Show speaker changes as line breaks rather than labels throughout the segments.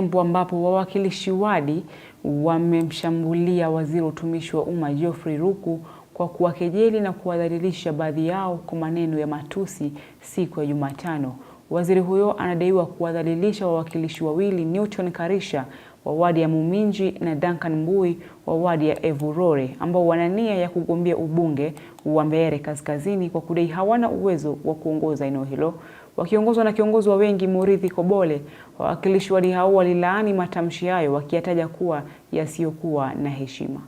Butembo ambapo wawakilishi wadi wamemshambulia waziri wa utumishi wa umma Geoffrey Ruku kwa kuwakejeli na kuwadhalilisha baadhi yao kwa maneno ya matusi siku ya Jumatano. Waziri huyo anadaiwa kuwadhalilisha wawakilishi wawili Newton Karisha wa wadi ya Muminji na Duncan Mbui wa wadi ya Evurore ambao wana nia ya kugombea ubunge wa Mbeere Kaskazini kwa kudai hawana uwezo wa kuongoza eneo hilo. Wakiongozwa na kiongozi wa wengi Murithi Kobole, wawakilishi wadi hao walilaani matamshi hayo wakiyataja kuwa yasiyokuwa na heshima.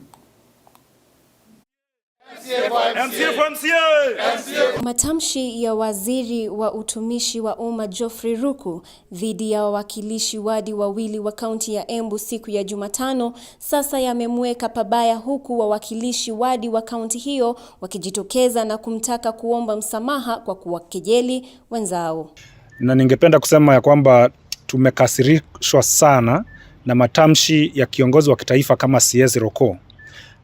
Matamshi ya waziri wa utumishi wa umma Geoffrey Ruku dhidi ya wawakilishi wadi wawili wa kaunti ya Embu siku ya Jumatano sasa yamemweka pabaya, huku wawakilishi wadi wa kaunti hiyo wakijitokeza na kumtaka kuomba msamaha kwa kuwakejeli wenzao.
Na ningependa kusema ya kwamba tumekasirishwa sana na matamshi ya kiongozi wa kitaifa kama CS Roko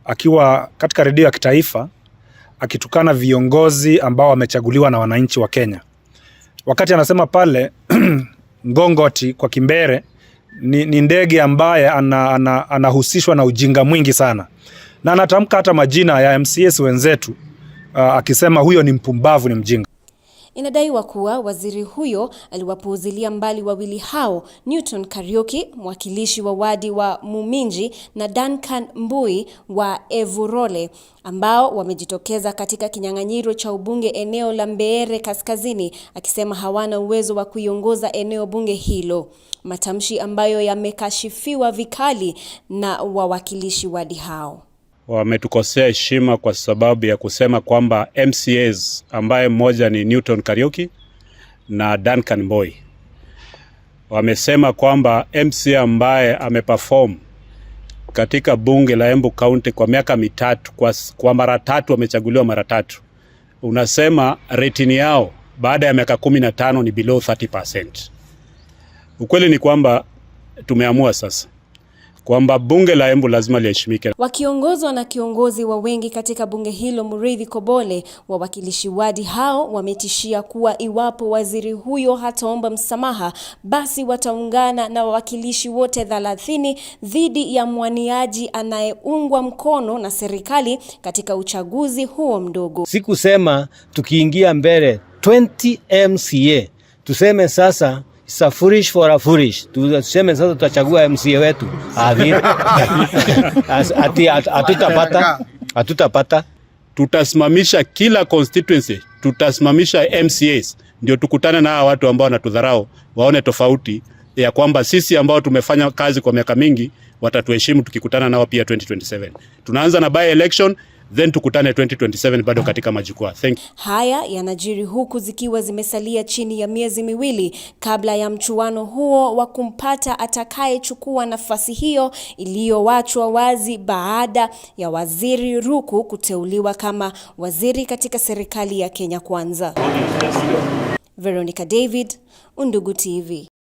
akiwa katika redio ya kitaifa akitukana viongozi ambao wamechaguliwa na wananchi wa Kenya. Wakati anasema pale ngongoti kwa Kimbere ni, ni ndege ambaye anahusishwa ana, ana na ujinga mwingi sana na anatamka hata majina ya mcs wenzetu uh, akisema huyo ni mpumbavu, ni mjinga.
Inadaiwa kuwa waziri huyo aliwapuuzilia mbali wawili hao, Newton Kariuki, mwakilishi wa wadi wa Muminji na Duncan Mbui wa Evurole, ambao wamejitokeza katika kinyang'anyiro cha ubunge eneo la Mbeere Kaskazini, akisema hawana uwezo wa kuiongoza eneo bunge hilo, matamshi ambayo yamekashifiwa vikali na wawakilishi wadi hao
wametukosea heshima kwa sababu ya kusema kwamba MCAs ambaye mmoja ni Newton Kariuki na Duncan Boy wamesema kwamba MCA ambaye ameperform katika bunge la Embu County kwa miaka mitatu kwa, kwa mara tatu wamechaguliwa mara tatu, unasema retini yao baada ya miaka kumi na tano ni below 30%. Ukweli ni kwamba tumeamua sasa kwamba bunge la Embu lazima liheshimike.
Wakiongozwa na kiongozi wa wengi katika bunge hilo Murithi Kobole, wawakilishi wadi hao wametishia kuwa iwapo waziri huyo hataomba msamaha, basi wataungana na wawakilishi wote thalathini dhidi ya mwaniaji anayeungwa mkono na serikali katika uchaguzi huo mdogo.
Sikusema tukiingia mbele 20 MCA tuseme sasa safurish for a foolish. Tuseme sasa tutachagua MCA wetu hatutapata, hatutapata.
Tutasimamisha kila constituency, tutasimamisha MCAs ndio tukutane na hawa watu ambao wanatudharau, waone tofauti ya kwamba sisi ambao tumefanya kazi kwa miaka mingi watatuheshimu tukikutana nao pia 2027. Tunaanza na by election then tukutane 2027 bado katika majukwaa. Thank you.
Haya yanajiri huku zikiwa zimesalia chini ya miezi miwili kabla ya mchuano huo wa kumpata atakayechukua nafasi hiyo iliyowachwa wazi baada ya Waziri Ruku kuteuliwa kama waziri katika serikali ya Kenya Kwanza. Veronica David, Undugu TV.